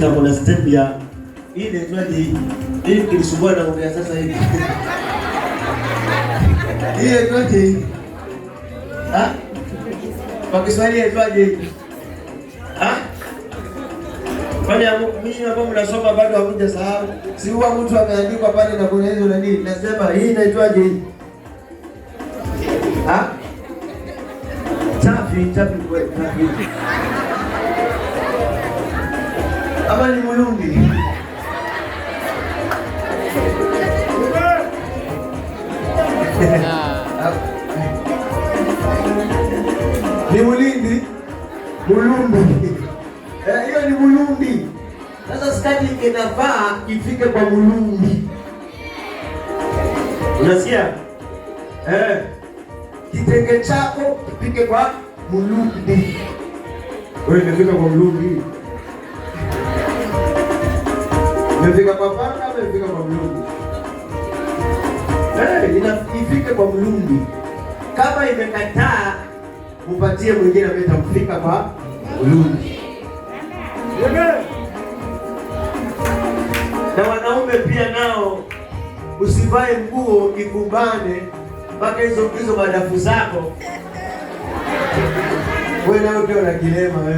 na kuna step ya ile twadi ili kilisumbua na ongea sasa hivi. Ile twadi ha kwa Kiswahili twadi ah, kwani mimi hapo mnasoma bado hakuja sahau, si huwa mtu ameandikwa pale na kuna hizo nani, nasema hii inaitwaje? Ha? Tafi, tafi, kweli chafi abali Mulumbi? ni Mulindi Mulumbi, eh, hiyo ni Mulumbi. Sasa skati inavaa ifike kwa Mulumbi, unasikia eh? Kitenge chako kipike kwa Mulumbi. Wewe imefika kwa Mulumbi. Imefika kwa paka ama imefika kwa mlungu? Eh, inafike kwa mlungu. Kama imekataa upatie mwingine ambaye itamfika kwa mlungu. Na wanaume pia nao usivae nguo ikubane mpaka hizo hizo madafu zako. Wewe nao ndio na kilema wewe.